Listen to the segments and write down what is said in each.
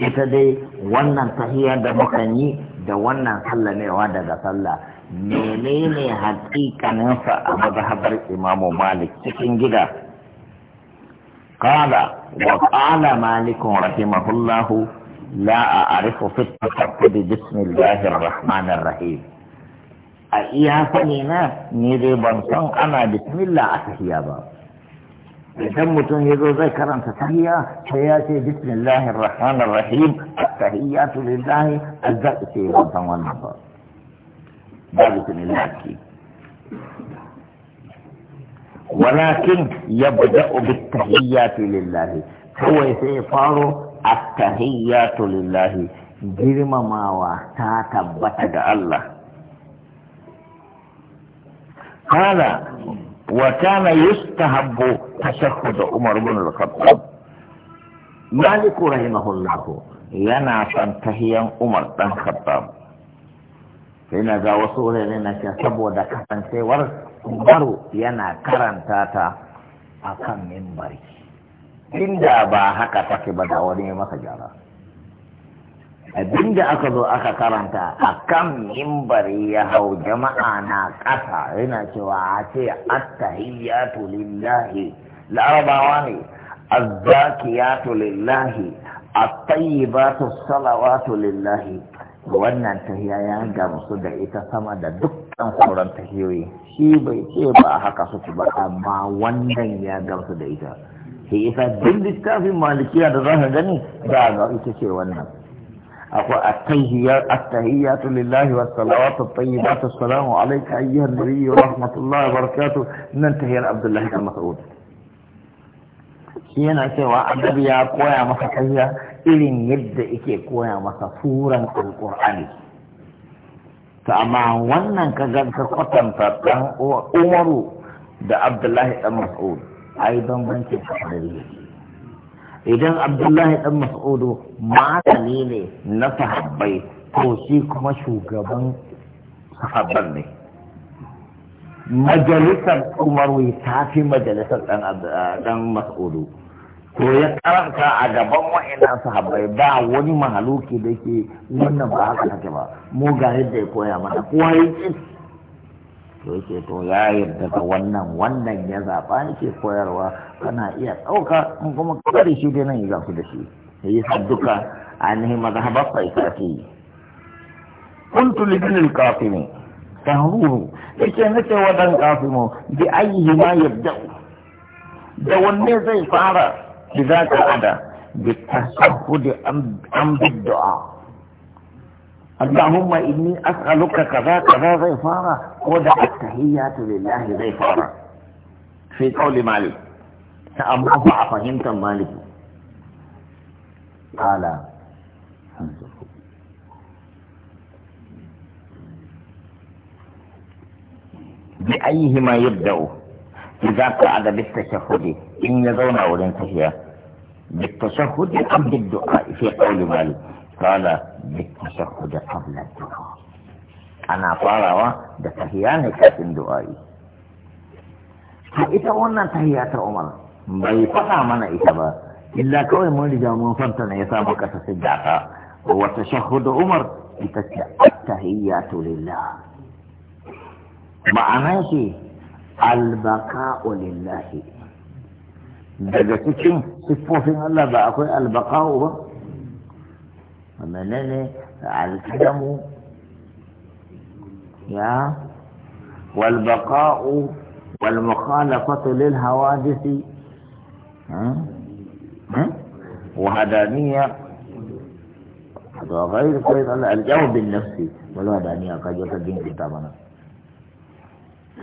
ita dai wannan tahiyar da muka yi da wannan sallamewa daga sallah menene hakikanin hakikaninsa a mazhabar imamu malik cikin gida qala wa qala malik rahimahullahu la a'rifu fi at-taqabbud bismillahir rahmanir rahim a iya sani na ni dai ban san ana bismillah a tahiya ba يتم تنهض ذكرا فتحية حياتي بسم الله الرحمن الرحيم فتحيات لله الزأس والطم والنظر بابت لله ولكن يبدأ بالتحيات لله هو يسير التحيات لله جرم ما واحتاك بتد الله هذا وكان يستهب da Umar bin al-Khattab Malik rahimahullah yana san tahiyan Umar dan Khattab sai na ga wasu wurare na ce saboda kasancewar Umaru yana karanta ta a kan mimbari inda ba haka take ba da wani masa gyara abinda aka zo aka karanta a kan mimbari ya hau jama'a na ƙasa yana cewa a ce attahiyatu lillahi الأربعان الزاكيات لله الطيبات الصلوات لله وانا انتهي يا جامع صدع اتسامة دكتا خورا تحيوي شيبي شيبا حقا صدبا اما وانا يا جامع صدع اتسامة هي اتسامة بلدتا في مالكية الظاهر جاني دعنا اتسامة وانا اقوى التهيات لله والصلوات الطيبات السلام عليك ايها النبي ورحمة الله وبركاته ننتهي يا عبد الله كما تقول yana cewa annabi ya koya masa kariya irin yadda yake koya masa furan alkur'ani to amma wannan ka ga ka kwatanta dan umaru da abdullahi dan mas'ud ai bambancin kadari idan abdullahi dan mas'udu malami ne na sahabbai to shi kuma shugaban sahabban ne majalisar umaru ta fi majalisar dan mas'udu to ya karanta a gaban wa'ina sahabbai ba wani mahaluki da ke wannan ba haka take ba mu ga yadda ya koya mana kowa yi to yake to ya yarda da wannan wannan ya zaɓa ke koyarwa kana iya ɗauka in kuma kare shi dai nan ya zaku da shi ya yi duka ainihin mazhabar ta ce kuntu libin kafin tahuru yake nake wa dan kasimu bi ayyihi ma yabda da wanne zai fara bi ka ada bi tasahhud am bi du'a اللهم إني أسألك كذا كذا زي ودع التحيات لله زي في قول مالك سأمره فهمت مالك قال انظر بأيهما يبدأ إذا قعد بالتشهد إن يزون أولين تهيا بالتشهد أم بالدعاء في قول مالك قال بالتشهد قبل الدعاء أنا قال بتهياني كاتم دعائي فإذا قلنا تهيات عمر فقع من إتبا إلا كوي مولد رجال من فنتنا يسامك تسدعك وتشهد عمر إتسع التهيات لله ma'anan shi albaka'u lillahi daga cikin siffofin Allah ba akwai albaka'u ba menene alkadamu ya والبقاء والمخالفة للحوادث وهدانية وغير كذلك الجو بالنفس والهدانية قد يكون كتابنا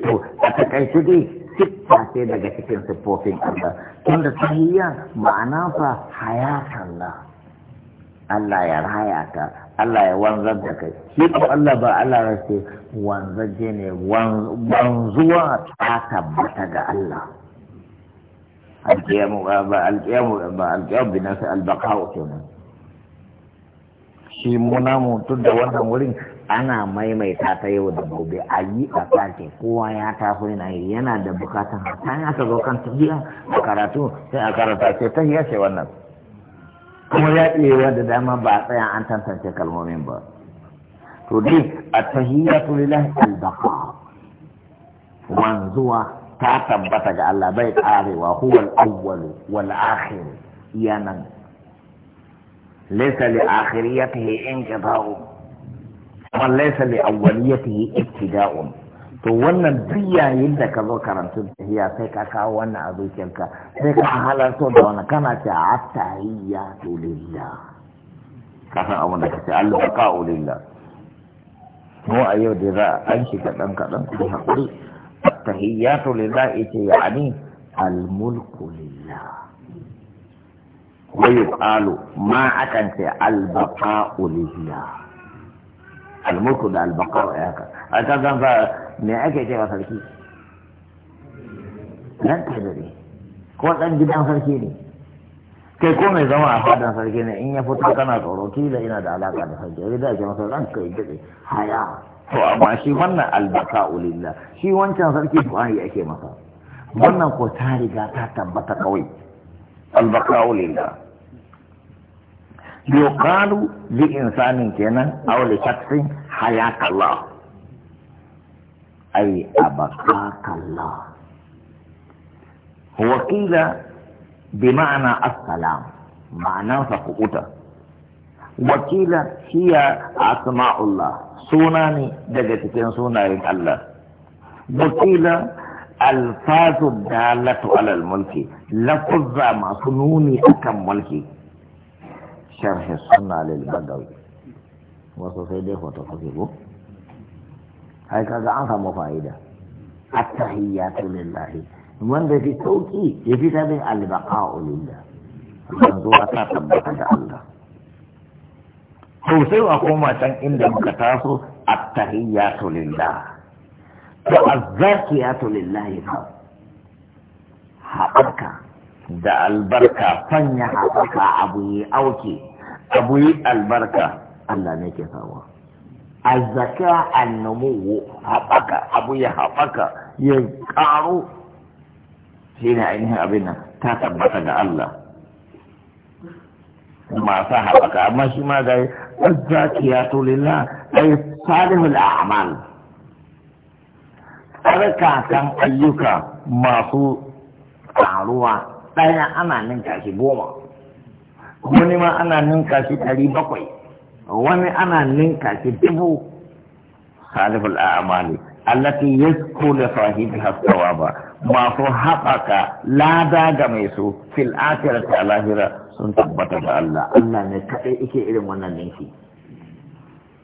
to a takaice dai siffa ce daga cikin siffofin Allah tunda tahiyya ma'ana fa hayatan Allah Allah ya raya ta, Allah ya wanzar da kai shi ko Allah ba Allah race wanzaje ne wanzuwa ta tabbata ga Allah alƙiyamu ba alƙiyamu ba alƙiyamu bi nasu albaqa'u kenan shi mu namu tun da wannan wurin ana maimaita ta yau da gobe a yi a sake kowa ya taho yana yi yana da bukatan hata ya ta zo kan tafiya a karatu sai a karanta ce ta hiya ce wannan kuma ya iya da dama ba a tsaya an tantance kalmomin ba to dai a tahiyatu lillahi al-baqa wanzuwa ta tabbata ga Allah bai karewa huwal awwal wal akhir yana laysa li akhiriyatihi inqita'u man laysa li awwaliyatihi ibtida'un to wannan duk yayin da ka zo karantun tahiyya sai ka kawo wannan a zuciyarka sai ka halarto da wani kana ce a tahiyya to lillah ka san abin da ka ce Allah ka lillah mu a yau da za a an shiga dan kadan ku hakuri tahiyya to lillah ita yani al mulku lillah wa yuqalu ma akan ce al baqa'u lillah almulku da wa ya ka a kan san fa me ake ce wa sarki nan ta dare ko dan gidan sarki ne kai ko mai zama a fadan sarki ne in ya fito kana tsoro kila ina da alaka da sarki sai da ake masa ran kai dade haya to amma shi wannan albaka lillah shi wancan sarki du'a'i ake masa wannan ko ta riga ta tabbata kawai albaka lillah yuqalu li insanin kenan aw li shakhsin hayakallah ay abaqakallah huwa qila bima'na assalam ma'ana sa kuuta wa qila hiya asma'ullah sunani daga cikin sunayen Allah wa qila alfazu dalatu alal mulki lafuzza masu nuni akan mulki sharhi sunna lil bagawi wasu sai dai hoto kuke ko ai kaga an samu fa'ida at-tahiyyatu lillahi wanda fi sauki ya fi tabin al-baqa'u lillah yanzu aka tabbata da Allah to sai a koma can inda muka taso at-tahiyyatu lillah to az-zakiyatu lillahi fa haɓaka da albarka fanya haɓaka abu ya auke abu yi albarka Allah ne ke sawa azzaka annumu haɓaka abu ya haɓaka ya ƙaru shi ne ainihin abin nan ta tabbata ga Allah masu haɓaka amma shi ma ga azzakiyatu lillah ay salihul a'mal tsarkakan ayyuka masu ƙaruwa ɗaya ana ninka shi goma wani ma ana ninka shi ɗari bakwai wani ana ninka shi dubu salifin amali allati ya kula sahibi haskawa ba masu haɓaka lada ga mai su fil akirata lahira sun tabbata da Allah Allah ne kaɗai ike irin wannan ninki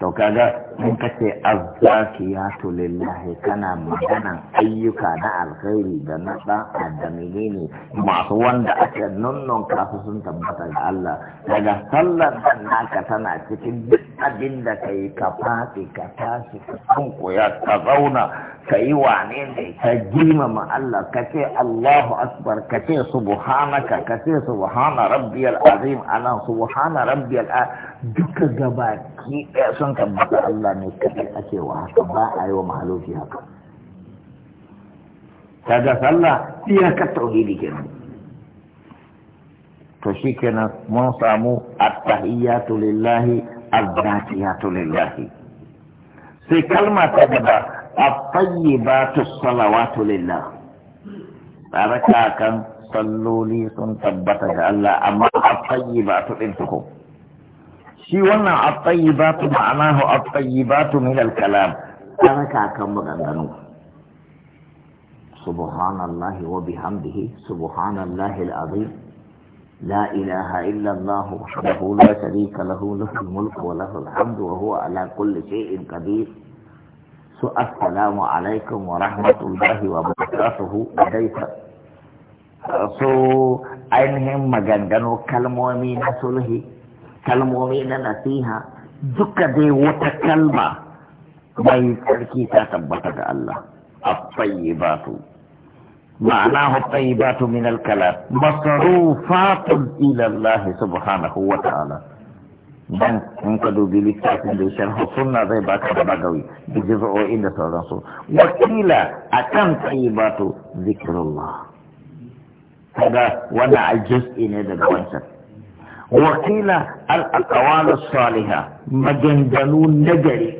to kaga in ka ce ya lillahi kana maganan ayyuka na alkhairi da na da'a da ne masu wanda ake nunnun kafin sun tabbata ga Allah daga sallar nan naka tana cikin duk abin da ka yi ka fafi ka tashi ka sunkuya ka zauna ka yi wane ne ka girmama Allah ka ce Allahu Akbar ka ce subhanaka ka ce subhana rabbiyal azim anan subhana rabbiyal a duka gaba ki ɗaya sun tabbata Allah ne kaɗai ake wa haka ba a yi wa mahalofi haka kaga sallah ka tauhidi kenan to shi kenan mun samu attahiyatu lillahi الذاتيات لله في كلمة تبدا الطيبات الصلوات لله بركاكا صلوا لي سنتبت الله أما الطيبات لكم شي الطيبات معناه الطيبات من الكلام بركاكا مغنغنو سبحان الله وبحمده سبحان الله العظيم لا إله إلا الله وحده لا شريك له له الملك وله الحمد وهو على كل شيء قدير السلام عليكم ورحمة الله وبركاته كيف so ainihin maganganu kalmomi na sulhi kalmomi na nasiha duka da wata kalma mai sarki ta tabbata ga Allah a fayyibatu معناه الطيبات من الكلام مصروفات إلى الله سبحانه وتعالى dan in ka dubi littafin da sharhu sunna zai baka da bagawi da jiz'o'in da sauransu wakila akan tayyibatu zikrullah kaga wannan aljuz'i ne daga wancan wakila al aqwalu salihah maganganu nagari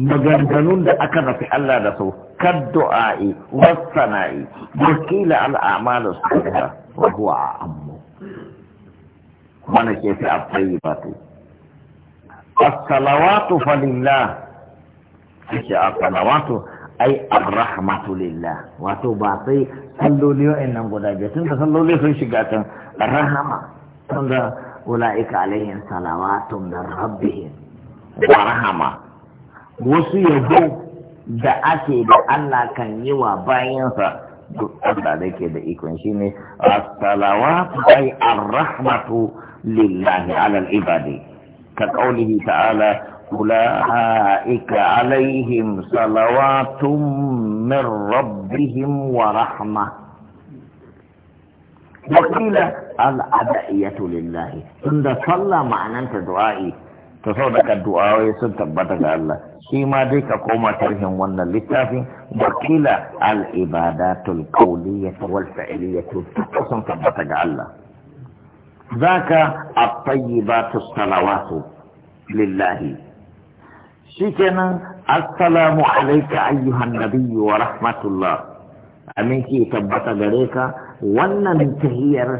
maganganun da aka nafi Allah da su kaddu'a'i wasana'i wakila al'amalu salihah wa a a'ammu mana ke fi afai ba tu as-salawatu falillah ake as-salawatu ai ar-rahmatu lillah wato ba sai salloli wa'annan guda biyar tun da salloli sun shiga can rahama tun da ula'ika alaihim salawatun min rabbihim wa rahama wasu yabo da ake da Allah kan yi wa bayansa dukkan da nake ikon shi ne asalawa bai arrahmatu lillahi alal ibadi ka kaulihi ta'ala ula'ika alaihim salawatun min rabbihim wa rahma wa qila al adaiyatu lillahi tunda sallah ma'ananta du'a'i ta so daga du'awai sun tabbata ga Allah shi ma dai ka koma tarihin wannan littafin wakila al-ibadatul qawliyyah wal fi'liyyah sun tabbata ga Allah zaka at-tayyibatus salawatu lillahi shikenan assalamu alayka ayyuhan nabiyyu wa rahmatullah aminci tabbata gare ka wannan tahiyar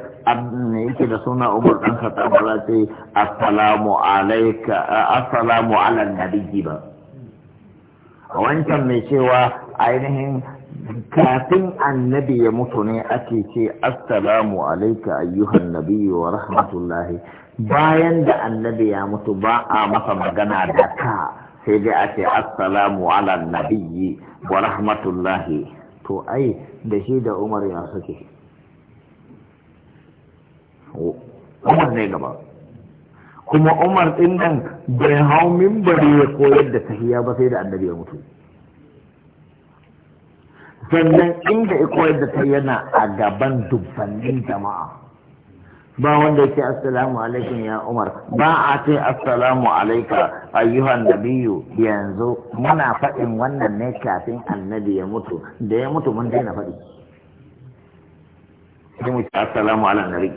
yake da suna umar ɗan khattab ba sai assalamu alaika assalamu ala nabiyyi ba wancan mai cewa ainihin kafin annabi ya mutu ne ake ce assalamu alaika ayyuhan nabiyyu wa rahmatullahi bayan da annabi ya mutu ba a masa magana da ka sai dai a ce assalamu ala nabiyyi wa rahmatullahi to ai da shi da umar ya suke umar ne gaba kuma umar din nan bai hau mimbari ya koyar da tahiya ba sai da annabi ya mutu sannan inda ya koyar da tahiya na a gaban dubbannin jama'a ba wanda ke assalamu alaikum ya umar ba a ce assalamu alaika ayyuhan nabiyu yanzu muna faɗin wannan ne kafin annabi ya mutu da ya mutu mun daina faɗi. Assalamu ala nabi.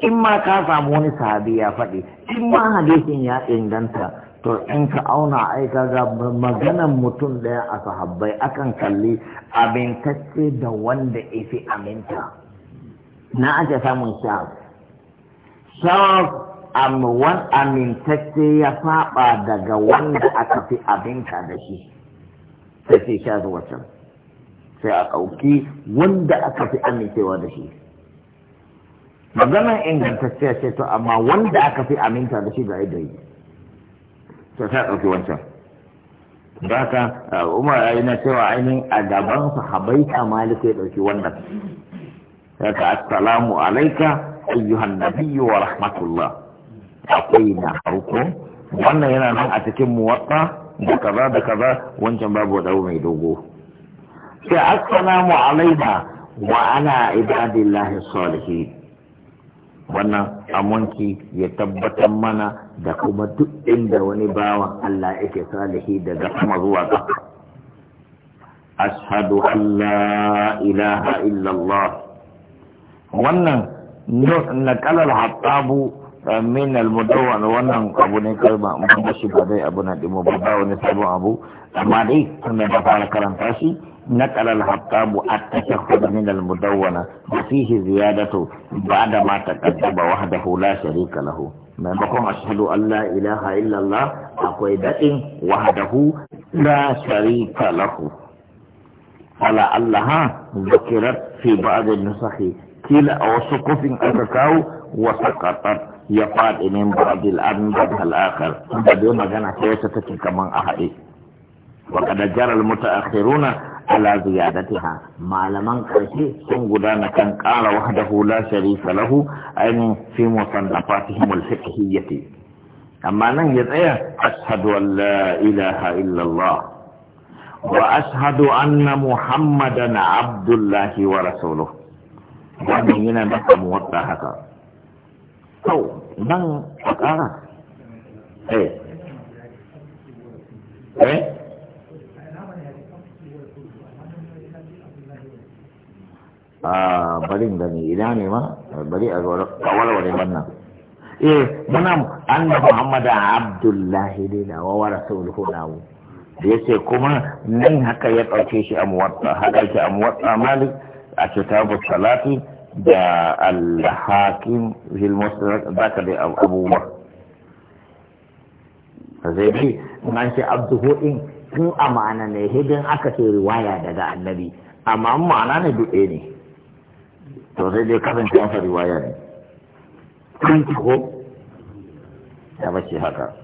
in ma ka samu wani sahabi ya faɗi in ma hadisin ya inganta to in ka auna ai kaga maganan mutum ɗaya a sahabbai akan kalli amintacce da wanda ifi aminta na ake samun shaf shaf wan amintacce ya faɓa daga wanda aka fi aminta da shi sai sai shaf wacan sai a ɗauki wanda aka fi amincewa da shi maganan ingantacciya ce to amma wanda aka fi aminta da shi ga yadda yi to ta ɗauki wancan da haka umar ya yi na cewa ainihin a gaban sahabai ta Malik ya ɗauki wannan haka assalamu alaika ayyuhan nabiyyu wa rahmatullah akwai na farko wannan yana nan a cikin muwatta da kaza da kaza wancan babu wadau mai dogo sai assalamu alaina wa ana ibadillahi salihin wannan amonki ya tabbatar mana da kuma duk inda wani bawan Allah yake salihi daga kuma zuwa ƙasa ashhadu Allah ilaha illallah wannan kalar hattabu min al mudawwan wannan abu ne kai ba ba shi dai abu na dimo ba ba wani sabon abu amma dai kun da fara karanta shi na qalal hakabu at-tashakkud min al mudawwana bi fihi ziyadatu ba'da ma taqaddama wahdahu la sharika lahu maimakon ashhadu an la ilaha illa allah akwai dadin wahdahu la sharika lahu ala allah zikrat fi ba'd an-nusakh kila aw suqufin aka kaw wasu saqatat ya faɗi min ba'dil anbar al-akhar da dai magana sai ta take kaman a haɗe wa kad jaral mutaakhiruna ala ziyadatiha malaman karshe sun gudana kan ƙara wahdahu la sharika lahu ainin fi musannafatihim al-fiqhiyyati amma nan ya tsaya ashhadu an la ilaha Allah. wa ashhadu anna muhammadan abdullahi wa rasuluhu wannan yana da muwatta haka to nan a ƙara eh eh a ah, barin gani ne ma bari a walwale wannan eh muna anna muhammad abdullahi ne na yace kuma nan haka ya dauke shi a muwatta haka yake a muwatta malik a kitabu salati da al-hakim fil musnad zaka da abubuwa sai dai nan ce abduhu in tun amana ne hidin aka ce riwaya daga annabi amma ma'ana ne duk ne to sai dai kasance masa riwaya ne kun ko ya bace haka